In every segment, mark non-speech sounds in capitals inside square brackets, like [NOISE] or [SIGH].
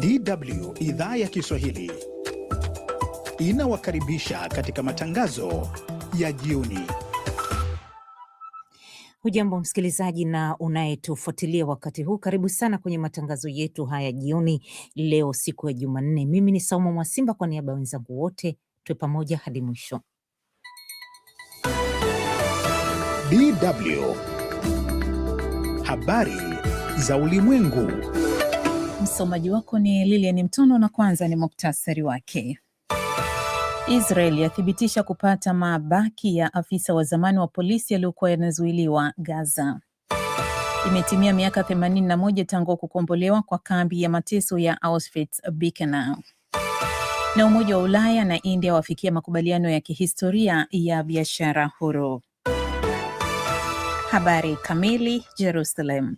DW idhaa ya Kiswahili inawakaribisha katika matangazo ya jioni. Hujambo msikilizaji na unayetufuatilia wakati huu, karibu sana kwenye matangazo yetu haya jioni leo, siku ya Jumanne. Mimi ni Saumu Mwasimba, kwa niaba ya wenzangu wote, tuwe pamoja hadi mwisho. DW habari za ulimwengu Msomaji wako ni Lilian Mtono na kwanza ni muktasari wake. Israel yathibitisha kupata mabaki ya afisa wa zamani wa polisi aliyokuwa yanazuiliwa Gaza. Imetimia miaka 81 tangu kukombolewa kwa kambi ya mateso ya Auschwitz-Birkenau. Na Umoja wa Ulaya na India wafikia makubaliano ya kihistoria ya biashara huru. Habari kamili. Jerusalem.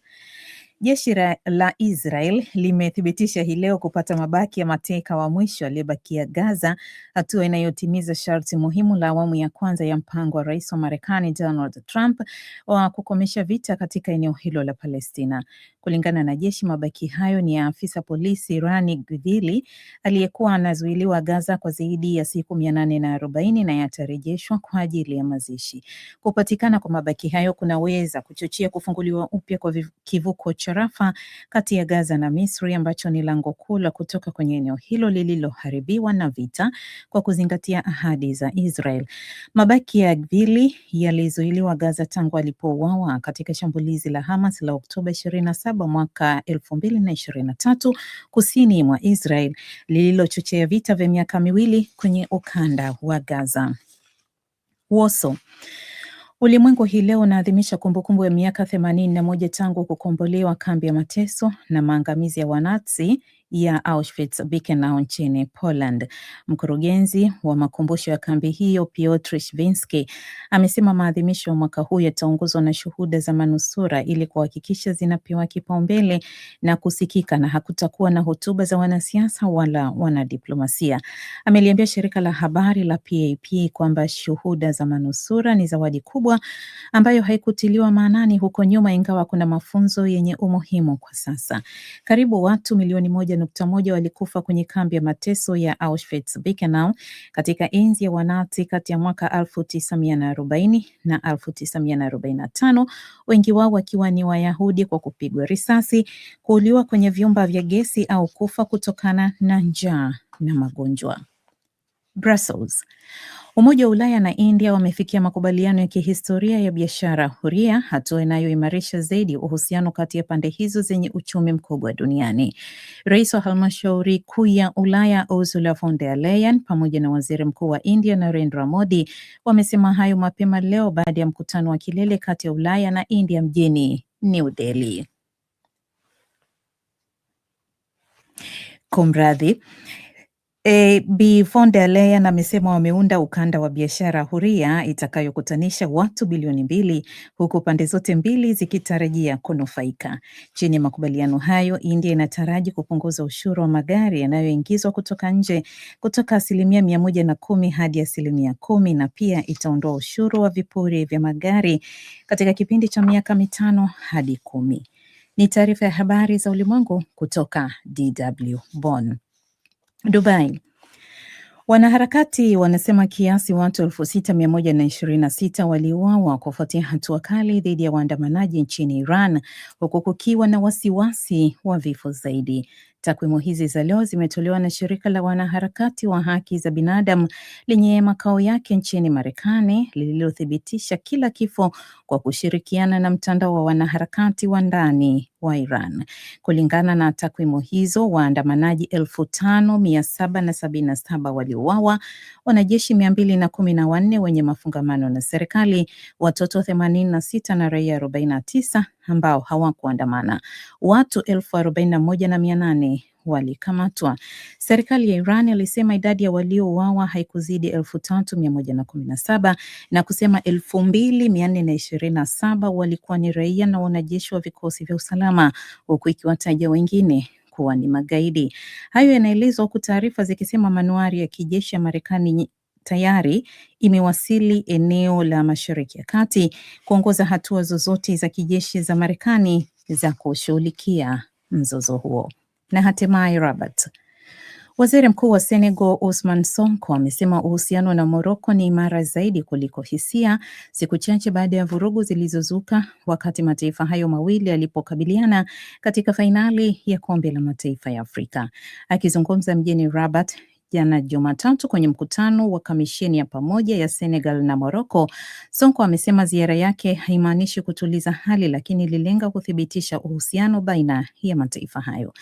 Jeshi la Israel limethibitisha hii leo kupata mabaki ya mateka wa mwisho aliyebakia Gaza, hatua inayotimiza sharti muhimu la awamu ya kwanza ya mpango wa rais wa Marekani Donald Trump wa kukomesha vita katika eneo hilo la Palestina. Kulingana na jeshi, mabaki hayo ni ya afisa polisi Rani Gvili aliyekuwa anazuiliwa Gaza kwa zaidi ya siku mia nane na arobaini na yatarejeshwa kwa ajili ya mazishi. Kupatikana kwa mabaki hayo kunaweza kuchochea kufunguliwa upya kwa kivuko cha kuunganisha Rafa kati ya Gaza na Misri, ambacho ni lango kuu la kutoka kwenye eneo hilo lililoharibiwa na vita, kwa kuzingatia ahadi za Israel. Mabaki ya Gvili yalizuiliwa Gaza tangu alipouawa katika shambulizi la Hamas la Oktoba 27 mwaka 2023 kusini mwa Israel lililochochea vita vya miaka miwili kwenye ukanda wa Gaza. Woso Ulimwengu hii leo unaadhimisha kumbukumbu ya miaka themanini na moja tangu kukombolewa kambi ya mateso na maangamizi ya Wanazi ya Auschwitz Birkenau nchini Poland. Mkurugenzi wa makumbusho ya kambi hiyo Piotr Swienski amesema maadhimisho ya mwaka huu yataongozwa na shuhuda za manusura ili kuhakikisha zinapewa kipaumbele na kusikika, na hakutakuwa na hotuba za wanasiasa wala wanadiplomasia. Ameliambia shirika la habari la PAP kwamba shuhuda za manusura ni zawadi kubwa ambayo haikutiliwa maanani huko nyuma, ingawa kuna mafunzo yenye umuhimu kwa sasa. Karibu watu milioni moja nukta moja walikufa kwenye kambi ya mateso ya Auschwitz Birkenau katika enzi ya wanati kati ya mwaka 1940 na 1945, wengi wao wakiwa ni Wayahudi, kwa kupigwa risasi, kuuliwa kwenye vyumba vya gesi au kufa kutokana na njaa na magonjwa. Brussels. Umoja wa Ulaya na India wamefikia makubaliano ya kihistoria ya biashara huria, hatua inayoimarisha zaidi uhusiano kati ya pande hizo zenye uchumi mkubwa duniani. Rais wa halmashauri kuu ya Ulaya Ursula von der Leyen pamoja na waziri mkuu wa India Narendra Modi wamesema hayo mapema leo baada ya mkutano wa kilele kati ya Ulaya na India mjini New Delhi. Kumradhi. E, Bi von der Leyen amesema wameunda ukanda wa biashara huria itakayokutanisha watu bilioni mbili huku pande zote mbili zikitarajia kunufaika. Chini ya makubaliano hayo, India inataraji kupunguza ushuru wa magari yanayoingizwa kutoka nje kutoka asilimia mia moja na kumi hadi asilimia kumi na pia itaondoa ushuru wa vipuri vya magari katika kipindi cha miaka mitano hadi kumi. Ni taarifa ya habari za ulimwengu kutoka DW Bonn. Dubai. Wanaharakati wanasema kiasi watu elfu sita mia moja na ishirini na sita waliuawa kufuatia hatua kali dhidi ya waandamanaji nchini Iran, huku kukiwa na wasiwasi wa vifo zaidi. Takwimu hizi za leo zimetolewa na shirika la wanaharakati wa haki za binadamu lenye makao yake nchini Marekani, lililothibitisha kila kifo kwa kushirikiana na mtandao wa wanaharakati wa ndani wa Iran. Kulingana na takwimu hizo, waandamanaji elfu tano mia saba na sabini na saba waliuawa, wanajeshi mia mbili na kumi na wanne wenye mafungamano na serikali, watoto themanini na sita na raia arobaini na tisa ambao hawakuandamana. Watu elfu arobaini na moja na mia nane walikamatwa. Serikali ya Iran ilisema idadi ya waliouawa haikuzidi elfu tatu mia moja na kumi na saba na kusema elfu mbili mia nne na ishirini na saba walikuwa ni raia na wanajeshi wa vikosi vya usalama huku ikiwataja wengine kuwa ni magaidi. Hayo yanaelezwa huku taarifa zikisema manuari ya kijeshi ya Marekani tayari imewasili eneo la Mashariki ya Kati kuongoza hatua zozote za kijeshi za Marekani za kushughulikia mzozo huo na hatimaye Rabat. Waziri Mkuu wa Senegal usman Sonko amesema uhusiano na Moroko ni imara zaidi kuliko hisia, siku chache baada ya vurugu zilizozuka wakati mataifa hayo mawili yalipokabiliana katika fainali ya Kombe la Mataifa ya Afrika. Akizungumza mjini Rabat jana Jumatatu kwenye mkutano wa kamisheni ya pamoja ya Senegal na Morocco, Sonko amesema ziara yake haimaanishi kutuliza hali, lakini ililenga kuthibitisha uhusiano baina ya mataifa hayo.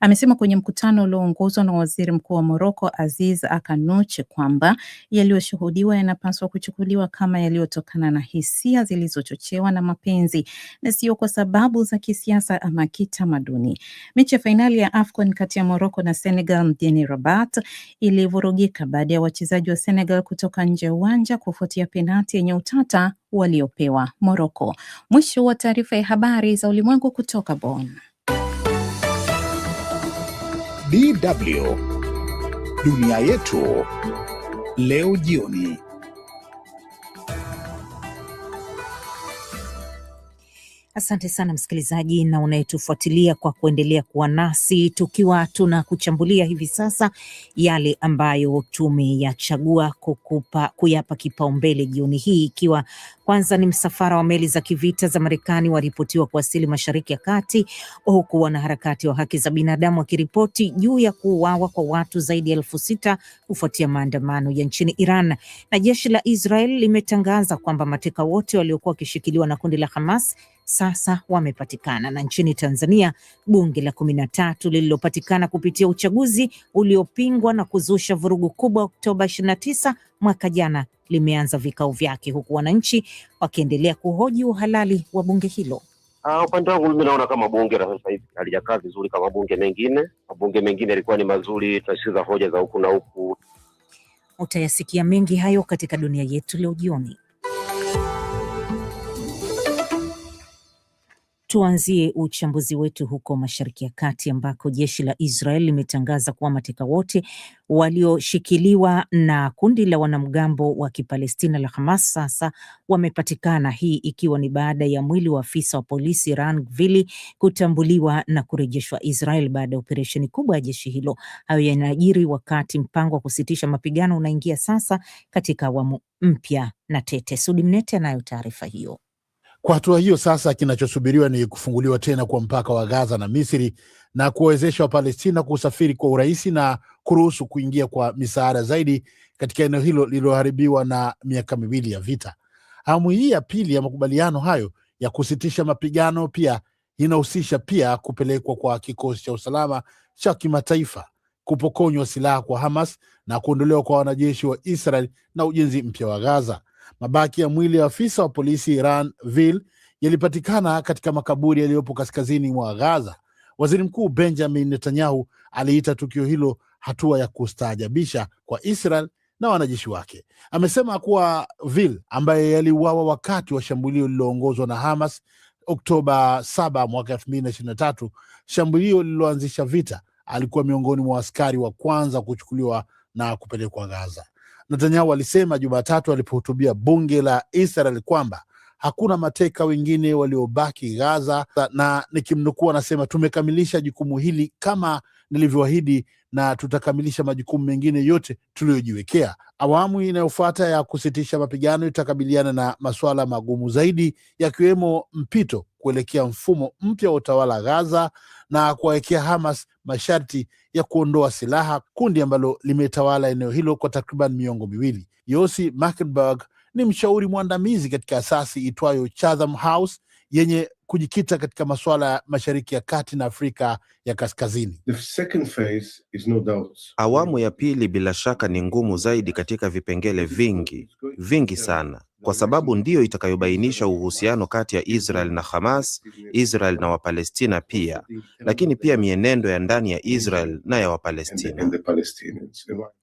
Amesema kwenye mkutano ulioongozwa na waziri mkuu wa Morocco Aziz Akanuche kwamba yaliyoshuhudiwa yanapaswa kuchukuliwa kama yaliyotokana na hisia zilizochochewa na mapenzi na sio kwa sababu za kisiasa ama kitamaduni. Mechi ya fainali ya AFCON kati ya Morocco na Senegal mjini Rabat ilivurugika baada ya wachezaji wa Senegal kutoka nje ya uwanja kufuatia penati yenye utata waliopewa Morocco. Mwisho wa taarifa ya habari za ulimwengu kutoka Bonn. DW Dunia Yetu Leo Jioni. Asante sana msikilizaji na unayetufuatilia kwa kuendelea kuwa nasi tukiwa tunakuchambulia hivi sasa yale ambayo tumeyachagua kukupa kuyapa kipaumbele jioni hii, ikiwa kwanza ni msafara wa meli za kivita za Marekani waripotiwa kuwasili Mashariki ya Kati, huku wanaharakati wa haki za binadamu wakiripoti juu ya kuuawa kwa watu zaidi ya elfu sita kufuatia maandamano ya nchini Iran, na jeshi la Israel limetangaza kwamba mateka wote waliokuwa wakishikiliwa na kundi la Hamas sasa wamepatikana. Na nchini Tanzania, bunge la kumi na tatu lililopatikana kupitia uchaguzi uliopingwa na kuzusha vurugu kubwa Oktoba 29 mwaka jana limeanza vikao vyake, huku wananchi wakiendelea kuhoji uhalali wa bunge hilo. Ah, upande wangu mimi naona kama bunge la sasa hivi halijakaa vizuri kama bunge mengine. Mabunge mengine yalikuwa ni mazuri, tunasikiza hoja za huku na huku. Utayasikia mengi hayo katika Dunia Yetu Leo jioni. Tuanzie uchambuzi wetu huko Mashariki ya Kati ambako jeshi la Israel limetangaza kuwa mateka wote walioshikiliwa na kundi la wanamgambo wa Kipalestina la Hamas sasa wamepatikana, hii ikiwa ni baada ya mwili wa afisa wa polisi Ran Gvili kutambuliwa na kurejeshwa Israel baada ya operesheni kubwa ya jeshi hilo. Hayo yanajiri wakati mpango wa kusitisha mapigano unaingia sasa katika awamu mpya, na Tete Sudi Mnete anayo taarifa hiyo. Kwa hatua hiyo sasa, kinachosubiriwa ni kufunguliwa tena kwa mpaka wa Gaza na Misri na kuwawezesha Wapalestina kusafiri kwa urahisi na kuruhusu kuingia kwa misaada zaidi katika eneo hilo lililoharibiwa na miaka miwili ya vita. Awamu hii ya pili ya makubaliano hayo ya kusitisha mapigano pia inahusisha pia kupelekwa kwa kikosi cha usalama cha kimataifa, kupokonywa silaha kwa Hamas na kuondolewa kwa wanajeshi wa Israel na ujenzi mpya wa Gaza. Mabaki ya mwili ya afisa wa polisi Iran Vil yalipatikana katika makaburi yaliyopo kaskazini mwa Gaza. Waziri Mkuu Benjamin Netanyahu aliita tukio hilo hatua ya kustaajabisha kwa Israel na wanajeshi wake. Amesema kuwa Vil ambaye yaliuawa wakati wa shambulio lililoongozwa na Hamas Oktoba 7 mwaka 2023, shambulio lililoanzisha vita, alikuwa miongoni mwa askari wa kwanza kuchukuliwa na kupelekwa Gaza. Netanyahu alisema Jumatatu alipohutubia bunge la Israel kwamba hakuna mateka wengine waliobaki Gaza, na nikimnukuu, anasema tumekamilisha jukumu hili kama nilivyoahidi na tutakamilisha majukumu mengine yote tuliyojiwekea. Awamu inayofuata ya kusitisha mapigano itakabiliana na masuala magumu zaidi, yakiwemo mpito kuelekea mfumo mpya wa utawala Gaza na kuwawekea Hamas masharti ya kuondoa silaha, kundi ambalo limetawala eneo hilo kwa takriban miongo miwili. Yosi Mackenberg ni mshauri mwandamizi katika asasi itwayo Chatham House yenye kujikita katika masuala ya Mashariki ya Kati na Afrika ya Kaskazini. The second phase is no doubt. Awamu ya pili bila shaka ni ngumu zaidi katika vipengele vingi vingi sana kwa sababu ndiyo itakayobainisha uhusiano kati ya Israel na Hamas, Israel na Wapalestina pia, lakini pia mienendo ya ndani ya Israel na ya Wapalestina.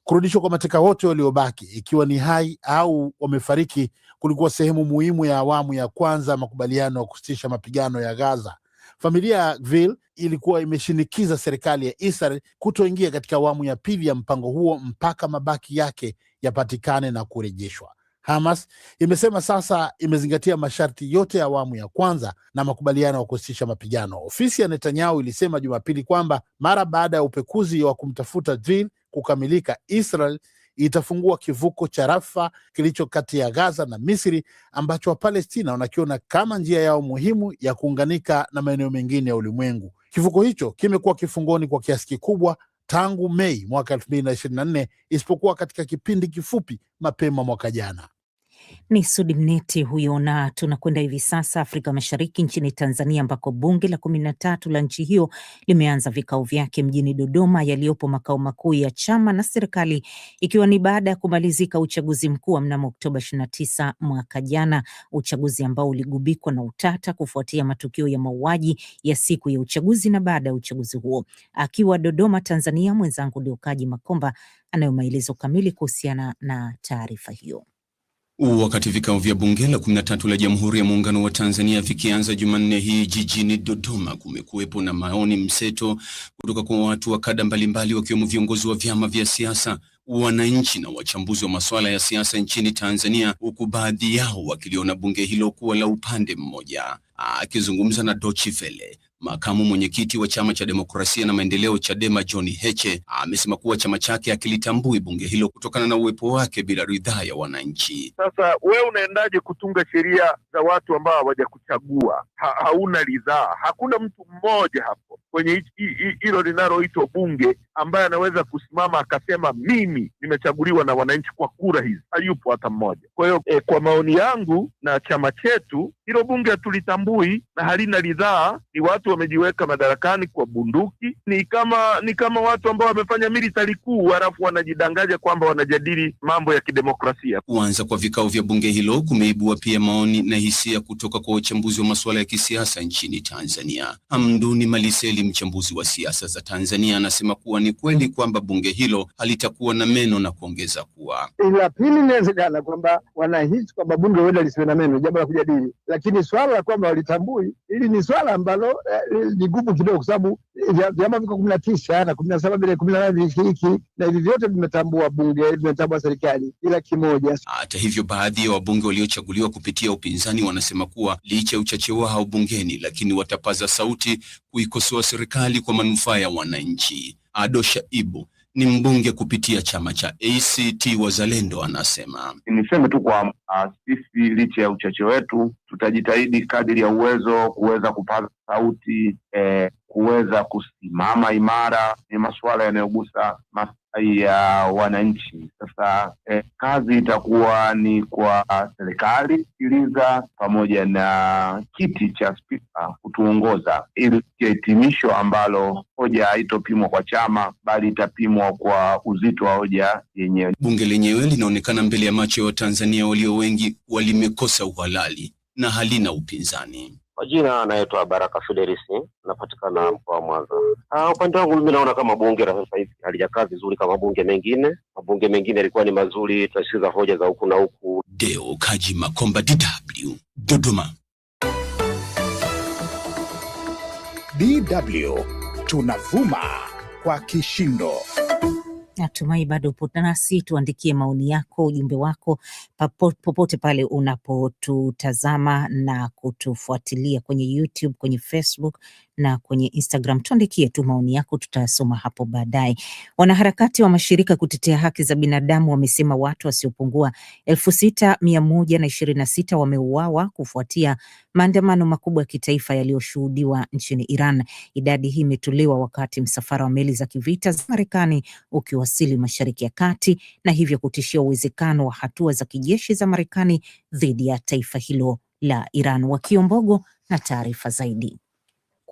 Kurudishwa kwa mateka wote waliobaki, ikiwa ni hai au wamefariki, kulikuwa sehemu muhimu ya awamu ya kwanza makubaliano ya kusitisha mapigano ya Gaza. Familia ya ilikuwa imeshinikiza serikali ya Israel kutoingia katika awamu ya pili ya mpango huo mpaka mabaki yake yapatikane na kurejeshwa. Hamas imesema sasa imezingatia masharti yote ya awamu ya kwanza na makubaliano ya kusitisha mapigano. Ofisi ya Netanyahu ilisema Jumapili kwamba mara baada ya upekuzi wa kumtafuta Drill kukamilika, Israel itafungua kivuko cha Rafa kilicho kati ya Gaza na Misri ambacho Wapalestina wanakiona kama njia yao muhimu ya kuunganika na maeneo mengine ya ulimwengu. Kivuko hicho kimekuwa kifungoni kwa kiasi kikubwa tangu Mei mwaka na na nne isipokuwa katika kipindi kifupi mapema mwaka jana. Ni Sudi Mneti huyo, na tunakwenda hivi sasa Afrika Mashariki nchini Tanzania, ambako bunge la kumi na tatu la nchi hiyo limeanza vikao vyake mjini Dodoma, yaliyopo makao makuu ya chama na serikali, ikiwa ni baada ya kumalizika uchaguzi mkuu wa mnamo Oktoba 29 mwaka jana, uchaguzi ambao uligubikwa na utata kufuatia matukio ya mauaji ya siku ya uchaguzi na baada ya uchaguzi huo. Akiwa Dodoma, Tanzania, mwenzangu Liokaji Makomba anayo maelezo kamili kuhusiana na taarifa hiyo. Wakati vikao vya bunge la 13 la Jamhuri ya Muungano wa Tanzania vikianza Jumanne hii jijini Dodoma, kumekuwepo na maoni mseto kutoka kwa watu wa kada mbalimbali, wakiwemo viongozi wa vyama vya siasa, wananchi na wachambuzi wa masuala ya siasa nchini Tanzania, huku baadhi yao wakiliona bunge hilo kuwa la upande mmoja. Akizungumza na Dochi fele Makamu mwenyekiti wa chama cha demokrasia na maendeleo Chadema John Heche amesema kuwa chama chake hakilitambui bunge hilo kutokana na uwepo wake bila ridhaa ya wananchi. Sasa we unaendaje kutunga sheria za watu ambao hawajakuchagua? Ha, hauna ridhaa. Hakuna mtu mmoja hapo kwenye hilo linaloitwa bunge ambaye anaweza kusimama akasema mimi nimechaguliwa na wananchi kwa kura hizi, hayupo hata mmoja. Kwa hiyo e, kwa maoni yangu na chama chetu hilo bunge hatulitambui na halina ridhaa. Ni watu wamejiweka madarakani kwa bunduki, ni kama ni kama watu ambao wamefanya militari kuu, halafu wanajidanganya kwamba wanajadili mambo ya kidemokrasia. Kuanza kwa vikao vya bunge hilo kumeibua pia maoni na hisia kutoka kwa wachambuzi wa masuala ya kisiasa nchini Tanzania. Amduni Maliseli, mchambuzi wa siasa za Tanzania, anasema kuwa ni kweli kwamba bunge hilo halitakuwa na meno, na kuongeza kuwa la pili inawezekana kwamba wanahisi kwamba bunge huenda lisiwe na meno, jambo la kujadili, lakini swala la kwamba walitambui hili ni swala ambalo eh, ni gumu kidogo, kwa sababu eh, vyama viko kumi na tisa na kumi na saba vile kumi na nane vilishiriki na hivi vyote vimetambua bunge, vimetambua serikali ila kimoja. Hata hivyo, baadhi ya wabunge waliochaguliwa kupitia upinzani wanasema kuwa licha ya uchache wao bungeni, lakini watapaza sauti kuikosoa serikali kwa manufaa ya wananchi. Adosha Ibu ni mbunge kupitia chama cha ACT Wazalendo anasema, niseme tu kwa ah, sisi, licha ya uchache wetu, tutajitahidi kadiri ya uwezo kuweza kupaza sauti eh, kuweza kusimama imara ni masuala yanayogusa maslahi ya wananchi. Sasa eh, kazi itakuwa ni kwa serikali kusikiliza pamoja na kiti cha spika kutuongoza, ili ya hitimisho ambalo hoja haitopimwa kwa chama bali itapimwa kwa uzito wa hoja yenyewe. Bunge lenyewe linaonekana mbele ya macho ya Watanzania walio wengi walimekosa uhalali na halina upinzani. Kwa jina anaitwa Baraka Federisi, napatikana mkoa wa Mwanza. Ah, upande wangu mimi naona kama bunge la sasa hivi halijakaa vizuri kama bunge mengine. Mabunge mengine yalikuwa ni mazuri, tunasikiza hoja za huku na huku. Deo Kaji Makomba, DW Dodoma. DW tunavuma kwa kishindo. Natumai bado upo nasi, tuandikie maoni yako, ujumbe wako popote pale unapotutazama na kutufuatilia kwenye YouTube, kwenye Facebook na kwenye Instagram. Tuandikie tu maoni yako, tutayasoma hapo baadaye. Wanaharakati wa mashirika kutetea haki za binadamu wamesema watu wasiopungua elfu sita mia moja na ishirini na sita wameuawa kufuatia maandamano makubwa ya kitaifa yaliyoshuhudiwa nchini Iran. Idadi hii imetolewa wakati msafara wa meli za kivita za Marekani ukiwasili Mashariki ya Kati na hivyo kutishia uwezekano wa hatua za kijeshi za Marekani dhidi ya taifa hilo la Iran. Wakio Mbogo na taarifa zaidi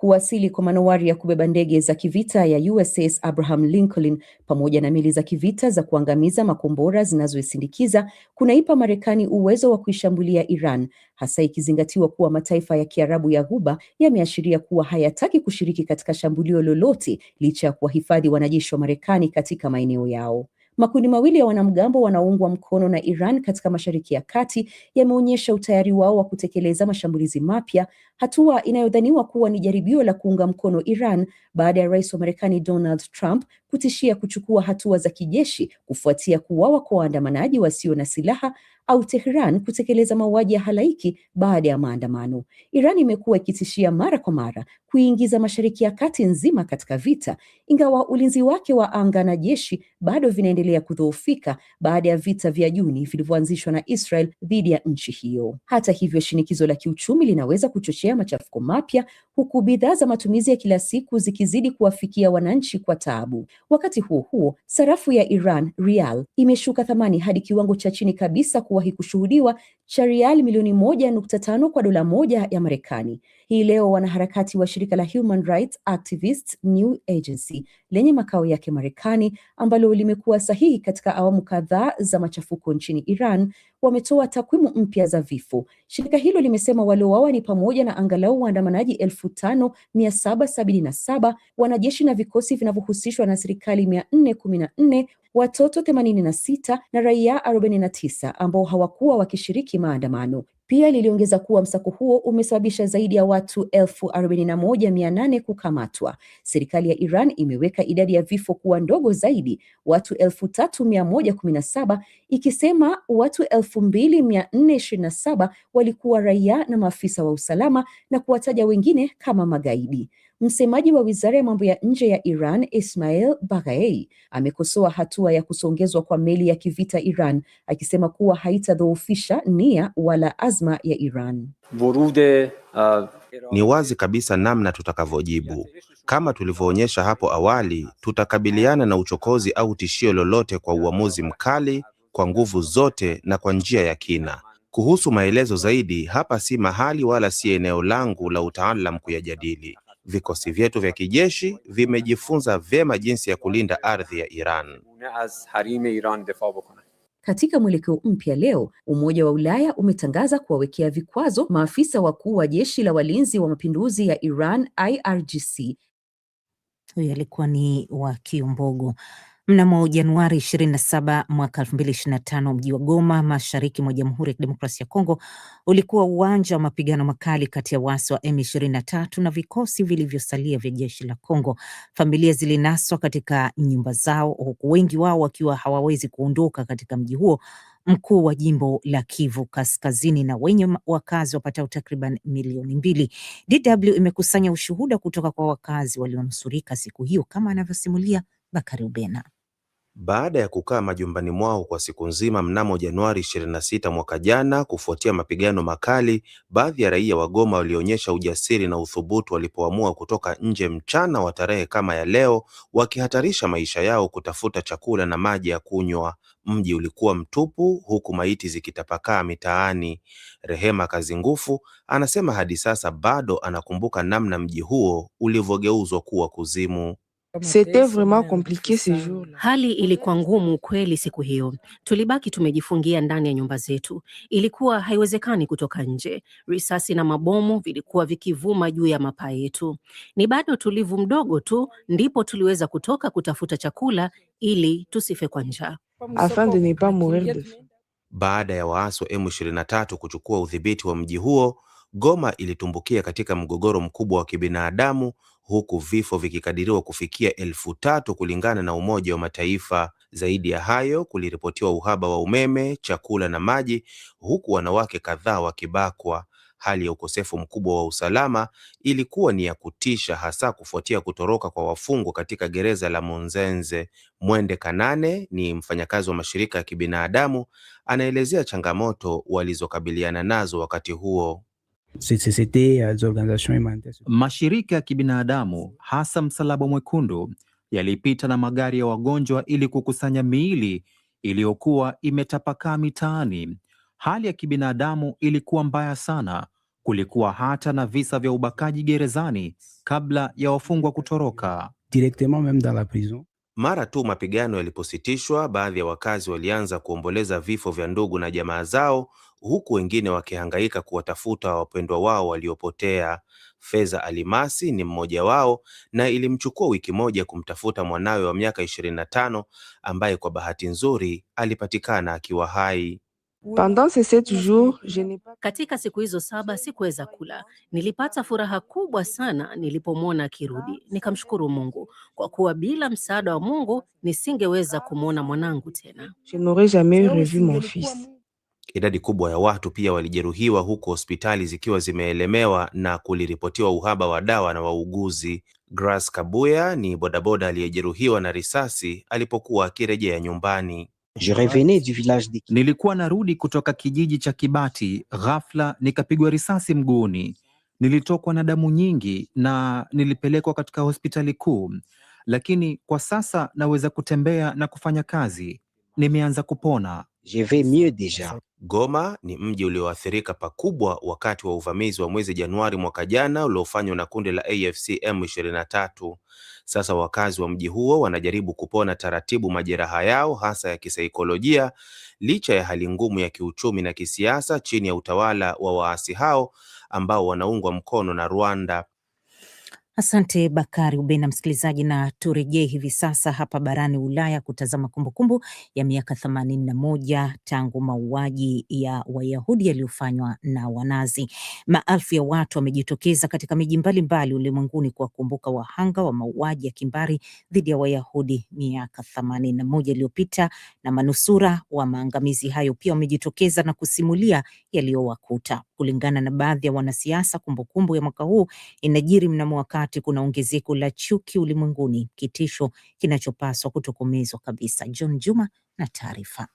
kuwasili kwa manowari ya kubeba ndege za kivita ya USS Abraham Lincoln pamoja na meli za kivita za kuangamiza makombora zinazoisindikiza kunaipa Marekani uwezo wa kuishambulia Iran, hasa ikizingatiwa kuwa mataifa ya Kiarabu ya Ghuba yameashiria kuwa hayataki kushiriki katika shambulio lolote licha ya kuwahifadhi wanajeshi wa Marekani katika maeneo yao. Makundi mawili ya wanamgambo wanaoungwa mkono na Iran katika Mashariki ya Kati yameonyesha utayari wao wa kutekeleza mashambulizi mapya hatua inayodhaniwa kuwa ni jaribio la kuunga mkono Iran baada ya rais wa Marekani Donald Trump kutishia kuchukua hatua za kijeshi kufuatia kuuawa kwa waandamanaji wasio na silaha au Tehran kutekeleza mauaji ya halaiki baada ya maandamano. Iran imekuwa ikitishia mara kwa mara kuingiza Mashariki ya Kati nzima katika vita, ingawa ulinzi wake wa anga na jeshi bado vinaendelea kudhoofika baada ya vita vya Juni vilivyoanzishwa na Israel dhidi ya nchi hiyo. Hata hivyo, shinikizo la kiuchumi linaweza kuchochea kupokea machafuko mapya huku bidhaa za matumizi ya kila siku zikizidi kuwafikia wananchi kwa taabu. Wakati huo huo, sarafu ya Iran rial imeshuka thamani hadi kiwango cha chini kabisa kuwahi kushuhudiwa cha rial milioni moja nukta tano kwa dola moja ya Marekani. Hii leo wanaharakati wa shirika la Human Rights Activists New Agency lenye makao yake Marekani, ambalo limekuwa sahihi katika awamu kadhaa za machafuko nchini Iran, wametoa takwimu mpya za vifo. Shirika hilo limesema waliowawa ni pamoja na angalau waandamanaji elfu tano mia saba sabini na saba wanajeshi na vikosi vinavyohusishwa na serikali mia nne kumi na nne watoto 86 na raia 49 ambao hawakuwa wakishiriki maandamano. Pia liliongeza kuwa msako huo umesababisha zaidi ya watu elfu arobaini na moja mia nane kukamatwa. Serikali ya Iran imeweka idadi ya vifo kuwa ndogo zaidi, watu elfu tatu mia moja kumi na saba ikisema watu elfu mbili mia nne na saba walikuwa raia na maafisa wa usalama na kuwataja wengine kama magaidi. Msemaji wa wizara ya mambo ya nje ya Iran Ismail Baghei amekosoa hatua ya kusongezwa kwa meli ya kivita Iran, akisema kuwa haitadhoofisha nia wala azma ya Iran. Burude, uh... Ni wazi kabisa namna tutakavyojibu. Kama tulivyoonyesha hapo awali, tutakabiliana na uchokozi au tishio lolote kwa uamuzi mkali, kwa nguvu zote na kwa njia ya kina. Kuhusu maelezo zaidi, hapa si mahali wala si eneo langu la utaalam kuyajadili. Vikosi vyetu vya kijeshi vimejifunza vyema jinsi ya kulinda ardhi ya Iran. Katika mwelekeo mpya, leo Umoja wa Ulaya umetangaza kuwawekea vikwazo maafisa wakuu wa jeshi la walinzi wa mapinduzi ya Iran IRGC. Huyo alikuwa ni wa Kiumbogo. Mnamo Januari 27 mwaka 2025, mji wa Goma mashariki mwa Jamhuri ya Kidemokrasia ya Kongo ulikuwa uwanja wa mapigano makali kati ya waasi wa M23 na vikosi vilivyosalia vya jeshi la Kongo. Familia zilinaswa katika nyumba zao, huku wengi wao wakiwa hawawezi kuondoka katika mji huo mkuu wa jimbo la Kivu Kaskazini na wenye wakazi wapatao takriban milioni mbili. DW imekusanya ushuhuda kutoka kwa wakazi walionusurika siku hiyo, kama anavyosimulia Bakari Ubena. Baada ya kukaa majumbani mwao kwa siku nzima mnamo Januari 26 mwaka jana, kufuatia mapigano makali, baadhi ya raia wa Goma walionyesha ujasiri na uthubutu walipoamua kutoka nje mchana wa tarehe kama ya leo, wakihatarisha maisha yao kutafuta chakula na maji ya kunywa. Mji ulikuwa mtupu, huku maiti zikitapakaa mitaani. Rehema Kazingufu anasema hadi sasa bado anakumbuka namna mji huo ulivyogeuzwa kuwa kuzimu. Hali ilikuwa ngumu kweli siku hiyo. Tulibaki tumejifungia ndani ya nyumba zetu. Ilikuwa haiwezekani kutoka nje. Risasi na mabomu vilikuwa vikivuma juu ya mapaa yetu. Ni bado tulivu mdogo tu ndipo tuliweza kutoka kutafuta chakula ili tusife kwa njaa. Baada ya waasi wa M23 kuchukua udhibiti wa mji huo, Goma ilitumbukia katika mgogoro mkubwa wa kibinadamu huku vifo vikikadiriwa kufikia elfu tatu kulingana na Umoja wa Mataifa. Zaidi ya hayo, kuliripotiwa uhaba wa umeme, chakula na maji, huku wanawake kadhaa wakibakwa. Hali ya ukosefu mkubwa wa usalama ilikuwa ni ya kutisha, hasa kufuatia kutoroka kwa wafungwa katika gereza la Monzenze. Mwende Kanane ni mfanyakazi wa mashirika ya kibinadamu, anaelezea changamoto walizokabiliana nazo wakati huo. Euh, Mashirika ya kibinadamu hasa Msalaba Mwekundu yalipita na magari ya wagonjwa ili kukusanya miili iliyokuwa imetapakaa mitaani. Hali ya kibinadamu ilikuwa mbaya sana. Kulikuwa hata na visa vya ubakaji gerezani kabla ya wafungwa kutoroka. Mara tu mapigano yalipositishwa, baadhi ya wakazi walianza kuomboleza vifo vya ndugu na jamaa zao huku wengine wakihangaika kuwatafuta wapendwa wao waliopotea. Fedha Alimasi ni mmoja wao, na ilimchukua wiki moja kumtafuta mwanawe wa miaka ishirini na tano ambaye kwa bahati nzuri alipatikana akiwa hai. Katika siku hizo saba sikuweza kula. Nilipata furaha kubwa sana nilipomwona akirudi. Nikamshukuru Mungu kwa kuwa bila msaada wa Mungu nisingeweza kumwona mwanangu tena. Idadi kubwa ya watu pia walijeruhiwa huku hospitali zikiwa zimeelemewa na kuliripotiwa uhaba wa dawa na wauguzi. gras Kabuya ni bodaboda aliyejeruhiwa na risasi alipokuwa akirejea nyumbani. Nilikuwa narudi kutoka kijiji cha Kibati, ghafla nikapigwa risasi mguuni. Nilitokwa na damu nyingi na nilipelekwa katika hospitali kuu, lakini kwa sasa naweza kutembea na kufanya kazi. Nimeanza kupona. Je vais mieux déjà. Goma ni mji ulioathirika pakubwa wakati wa uvamizi wa mwezi Januari mwaka jana uliofanywa na kundi la AFC M23. Sasa wakazi wa mji huo wanajaribu kupona taratibu majeraha yao hasa ya kisaikolojia licha ya hali ngumu ya kiuchumi na kisiasa chini ya utawala wa waasi hao ambao wanaungwa mkono na Rwanda. Asante Bakari Ubena, msikilizaji, na turejee hivi sasa hapa barani Ulaya kutazama kumbukumbu kumbu ya miaka themanini na moja tangu mauaji ya Wayahudi yaliyofanywa na Wanazi. Maelfu ya watu wamejitokeza katika miji mbalimbali ulimwenguni kuwakumbuka wahanga wa mauaji ya kimbari dhidi ya Wayahudi miaka themanini na moja iliyopita, na manusura wa maangamizi hayo pia wamejitokeza na kusimulia yaliyowakuta. Kulingana na baadhi ya wanasiasa, kumbukumbu ya mwaka huu inajiri mnamo wakati kuna ongezeko la chuki ulimwenguni, kitisho kinachopaswa kutokomezwa kabisa. John Juma na taarifa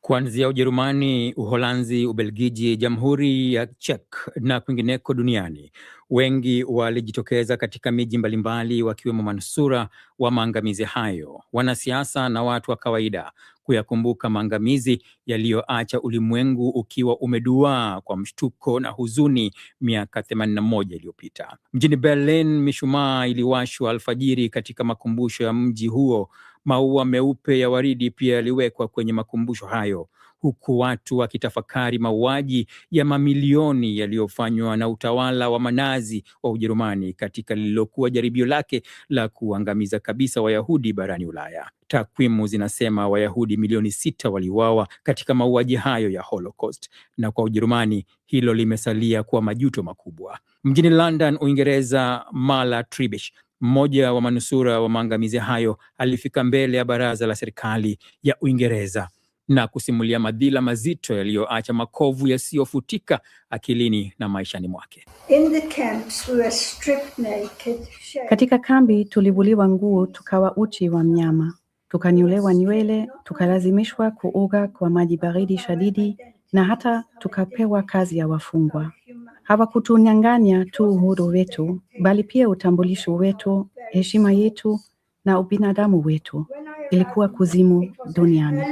kuanzia Ujerumani, Uholanzi, Ubelgiji, Jamhuri ya Czech na kwingineko duniani Wengi walijitokeza katika miji mbalimbali, wakiwemo manusura wa maangamizi hayo, wanasiasa na watu wa kawaida kuyakumbuka maangamizi yaliyoacha ulimwengu ukiwa umeduaa kwa mshtuko na huzuni miaka 81 iliyopita. Mjini Berlin, mishumaa iliwashwa alfajiri katika makumbusho ya mji huo. Maua meupe ya waridi pia yaliwekwa kwenye makumbusho hayo huku watu wakitafakari mauaji ya mamilioni yaliyofanywa na utawala wa manazi wa Ujerumani katika lililokuwa jaribio lake la kuangamiza kabisa Wayahudi barani Ulaya. Takwimu zinasema Wayahudi milioni sita waliuawa katika mauaji hayo ya Holocaust, na kwa Ujerumani hilo limesalia kuwa majuto makubwa. Mjini London, Uingereza, Mala Tribish mmoja wa manusura wa maangamizi hayo alifika mbele ya baraza la serikali ya Uingereza na kusimulia madhila mazito yaliyoacha makovu yasiyofutika akilini na maishani mwake. Katika kambi tulivuliwa nguo, tukawa uchi wa mnyama, tukanyolewa nywele, tukalazimishwa kuoga kwa maji baridi shadidi, na hata tukapewa kazi ya wafungwa. Hawakutunyang'anya tu uhuru wetu, bali pia utambulisho wetu, heshima yetu na ubinadamu wetu ilikuwa kuzimu duniani.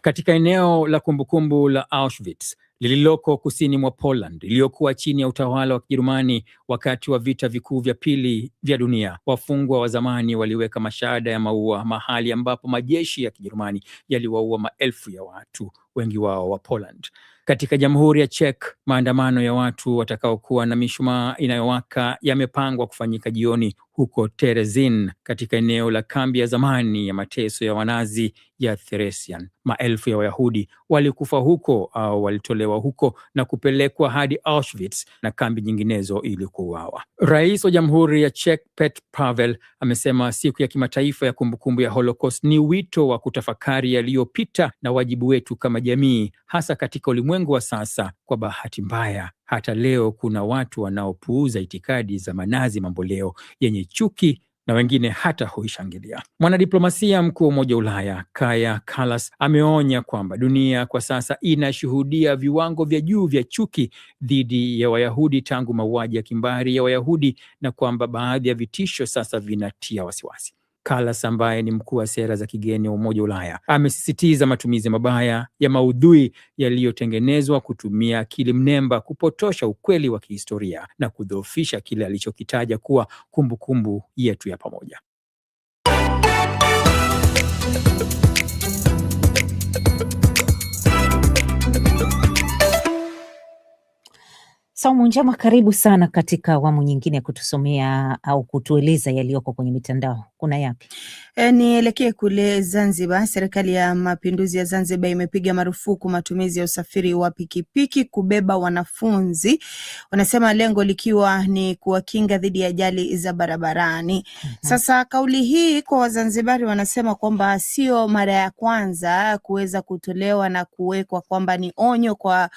Katika eneo la kumbukumbu la Auschwitz lililoko kusini mwa Poland iliyokuwa chini ya utawala wa Kijerumani wakati wa vita vikuu vya pili vya dunia, wafungwa wa zamani waliweka mashada ya maua mahali ambapo majeshi ya Kijerumani yaliwaua maelfu ya watu, wengi wao wa Poland. Katika Jamhuri ya Czech, maandamano ya watu watakaokuwa na mishumaa inayowaka yamepangwa kufanyika jioni, huko Terezin katika eneo la kambi ya zamani ya mateso ya wanazi ya Theresian. Maelfu ya Wayahudi walikufa huko au walitolewa huko na kupelekwa hadi Auschwitz na kambi nyinginezo ili kuuawa. Rais wa Jamhuri ya Czech Petr Pavel amesema siku ya kimataifa ya kumbukumbu ya Holocaust ni wito wa kutafakari yaliyopita na wajibu wetu kama jamii, hasa katika ulimwengu wa sasa. Kwa bahati mbaya hata leo kuna watu wanaopuuza itikadi za manazi mamboleo yenye chuki na wengine hata huishangilia. Mwanadiplomasia mkuu wa Umoja wa Ulaya Kaja Kallas ameonya kwamba dunia kwa sasa inashuhudia viwango vya juu vya chuki dhidi ya Wayahudi tangu mauaji ya kimbari ya Wayahudi na kwamba baadhi ya vitisho sasa vinatia wasiwasi. Kallas ambaye ni mkuu wa sera za kigeni wa Umoja wa Ulaya amesisitiza matumizi mabaya ya maudhui yaliyotengenezwa kutumia akili mnemba kupotosha ukweli wa kihistoria na kudhoofisha kile alichokitaja kuwa kumbukumbu kumbu yetu ya pamoja. Saumu Njama, karibu sana katika awamu nyingine ya kutusomea au kutueleza yaliyoko kwenye mitandao kuna yapi? E, nielekee kule Zanzibar. Serikali ya Mapinduzi ya Zanzibar imepiga marufuku matumizi ya usafiri wa pikipiki kubeba wanafunzi, wanasema lengo likiwa ni kuwakinga dhidi ya ajali za barabarani. mm -hmm. Sasa kauli hii kwa Wazanzibari wanasema kwamba sio mara ya kwanza kuweza kutolewa na kuwekwa kwamba ni onyo kwa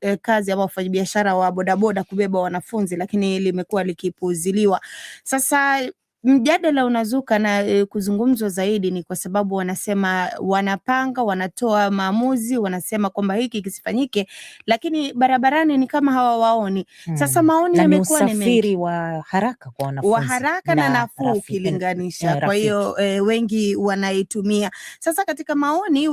eh, kazi ama wafanyabiashara wa bodaboda kubeba wanafunzi, lakini limekuwa likipuuziliwa. Sasa Mjadala unazuka na e, kuzungumzwa zaidi ni kwa sababu wanasema wanapanga, wanatoa maamuzi, wanasema kwamba hiki kisifanyike, lakini barabarani ni kama hawawaoni. Hmm. Sasa maoni yamekuwa ni usafiri wa haraka kwa wanafunzi, wa haraka na nafuu ukilinganisha. Eh, kwa hiyo e, wengi wanaitumia. Sasa katika maoni,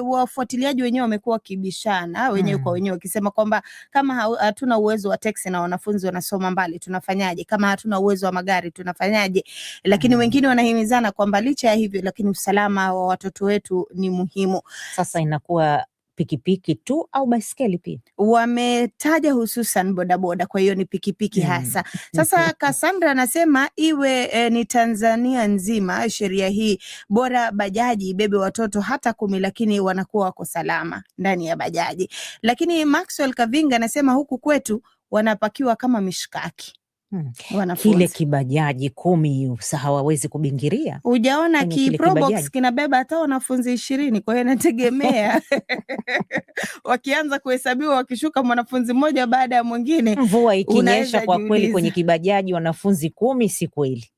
wafuatiliaji wenyewe wamekuwa wakibishana wenyewe kwa hmm. wenyewe, wakisema kwamba kama hatuna uwezo wa teksi na wanafunzi wanasoma mbali tunafanyaje? Kama hatuna uwezo wa magari tunafanyaje? lakini mm. wengine wanahimizana kwamba licha ya hivyo, lakini usalama wa watoto wetu ni muhimu. Sasa inakuwa pikipiki tu au baiskeli pia wametaja hususan bodaboda, kwa hiyo ni pikipiki mm. hasa. [LAUGHS] Sasa Cassandra anasema iwe e, ni Tanzania nzima sheria hii, bora bajaji ibebe watoto hata kumi, lakini wanakuwa wako salama ndani ya bajaji. Lakini Maxwell Kavinga anasema huku kwetu wanapakiwa kama mishkaki Hmm. Kile kibajaji kumi hawawezi kubingiria. Ujaona ki kinabeba hata wanafunzi ishirini. Kwa hiyo inategemea [LAUGHS] wakianza kuhesabiwa, wakishuka mwanafunzi mmoja baada ya mwingine. Mvua ikinyesha, kwa kweli kwenye kibajaji wanafunzi kumi, si kweli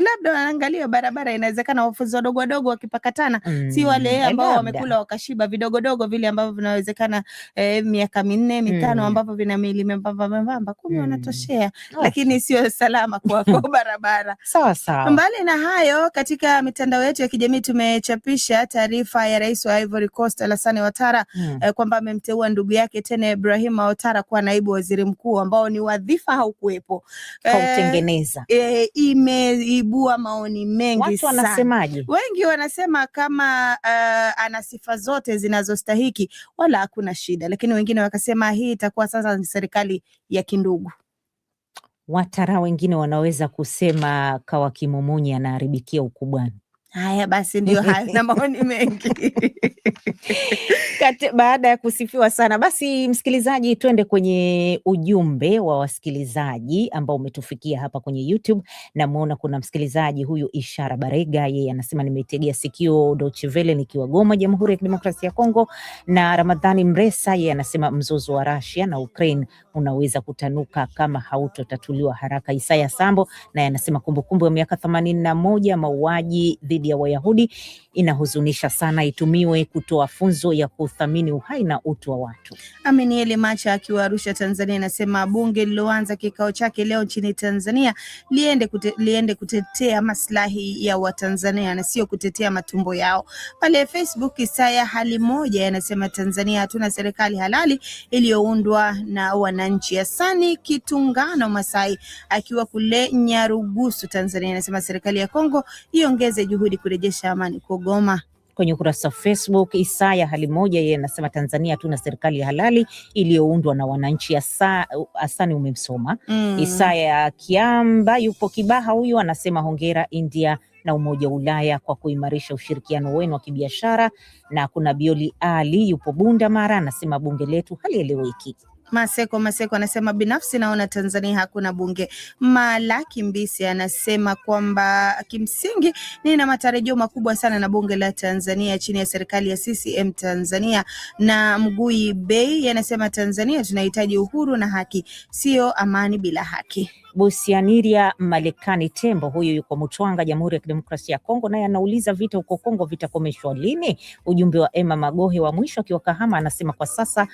labda wanaangalia barabara, inawezekana wafuzi wadogo wadogo wakipakatana, mm, si wale eh, ambao wamekula wakashiba, vidogodogo vile ambavyo vinawezekana eh, miaka minne mitano, mm, ambavyo vina miili membamba membamba, kumi mm. wanatoshea, mm, lakini sio salama kuwako [LAUGHS] barabara. Sawa sawa. Mbali na hayo, katika mitandao yetu ya kijamii tumechapisha taarifa ya rais wa Ivory Coast Alassane Ouattara, mm, eh, kwamba amemteua ndugu yake tena Ibrahim Ouattara kuwa naibu waziri mkuu, ambao ni wadhifa haukuwepo, eh, eh, imeibua maoni mengi watu sana. Wanasemaje? Wengi wanasema kama uh, ana sifa zote zinazostahiki wala hakuna shida, lakini wengine wakasema hii itakuwa sasa ni serikali ya kindugu. Watara wengine wanaweza kusema kawa kimumunyi anaharibikia ukubwani Haya basi, ndio haya [LAUGHS] na maoni mengi [LAUGHS] Kati, baada ya kusifiwa sana basi, msikilizaji, tuende kwenye ujumbe wa wasikilizaji ambao umetufikia hapa kwenye YouTube. Namwona kuna msikilizaji huyu Ishara Barega, yeye anasema nimetegea sikio Deutsche Welle nikiwa Goma, Jamhuri ya Kidemokrasia ya Kongo, na Ramadhani Mresa yeye anasema mzozo wa Russia na Ukraine unaweza kutanuka kama hautotatuliwa haraka. Isaya Sambo naye anasema kumbukumbu ya miaka themanini na moja mauaji dhidi ya Wayahudi inahuzunisha sana, itumiwe kutoa funzo ya kuthamini uhai na utu wa watu. Amenieli Macha akiwa Arusha, Tanzania, anasema bunge liloanza kikao chake leo nchini Tanzania liende, kute, liende kutetea maslahi ya Watanzania na sio kutetea matumbo yao. Pale Facebook Isaya hali moja anasema Tanzania hatuna serikali halali iliyoundwa na wana wananchi. Hasani Kitungano Masai akiwa kule Nyarugusu, Tanzania, anasema serikali ya Kongo iongeze juhudi kurejesha amani kwa Goma. Kwenye ukurasa wa Facebook Isaya hali moja yeye anasema Tanzania hatuna serikali ya halali iliyoundwa na wananchi. hasani umemsoma mm. Isaya Kiamba yupo Kibaha, huyu anasema hongera India na Umoja wa Ulaya kwa kuimarisha ushirikiano wenu wa kibiashara. Na kuna Bioli Ali yupo Bunda Mara anasema bunge letu halieleweki. Maseko Maseko anasema binafsi naona Tanzania hakuna bunge. Mala Kimbisi anasema kwamba kimsingi nina matarajio makubwa sana na bunge la Tanzania chini ya serikali ya CCM Tanzania. Na Mgui Bei anasema Tanzania tunahitaji uhuru na haki, sio amani bila haki. Busianiria Malekani Tembo, huyu yuko Mtwanga, Jamhuri ya Kidemokrasia ya Kongo, naye anauliza vita huko Kongo vitakomeshwa lini? Ujumbe wa Emma Magohe wa mwisho akiwa Kahama anasema kwa sasa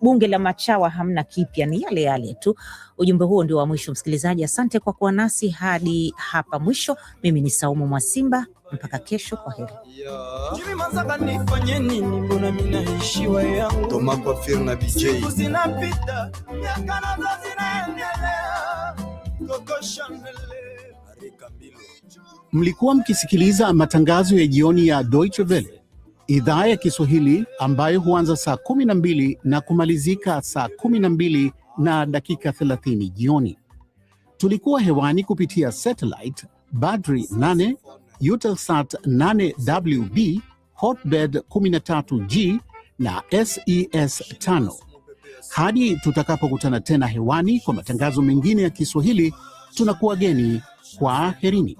bunge la machawa hamna kipya, ni yale yale tu. Ujumbe huo ndio wa mwisho. Msikilizaji, asante kwa kuwa nasi hadi hapa mwisho. Mimi ni Saumu Mwasimba, mpaka kesho, kwa heri. Toma kwa Mlikuwa mkisikiliza matangazo ya jioni ya Deutsche Welle idhaa ya Kiswahili ambayo huanza saa 12 na kumalizika saa 12 na dakika 30 jioni. Tulikuwa hewani kupitia satellite Badri 8, Eutelsat 8 WB, Hotbird 13G na SES 5. E hadi tutakapokutana tena hewani kwa matangazo mengine ya Kiswahili, tunakuwa geni. Kwaherini.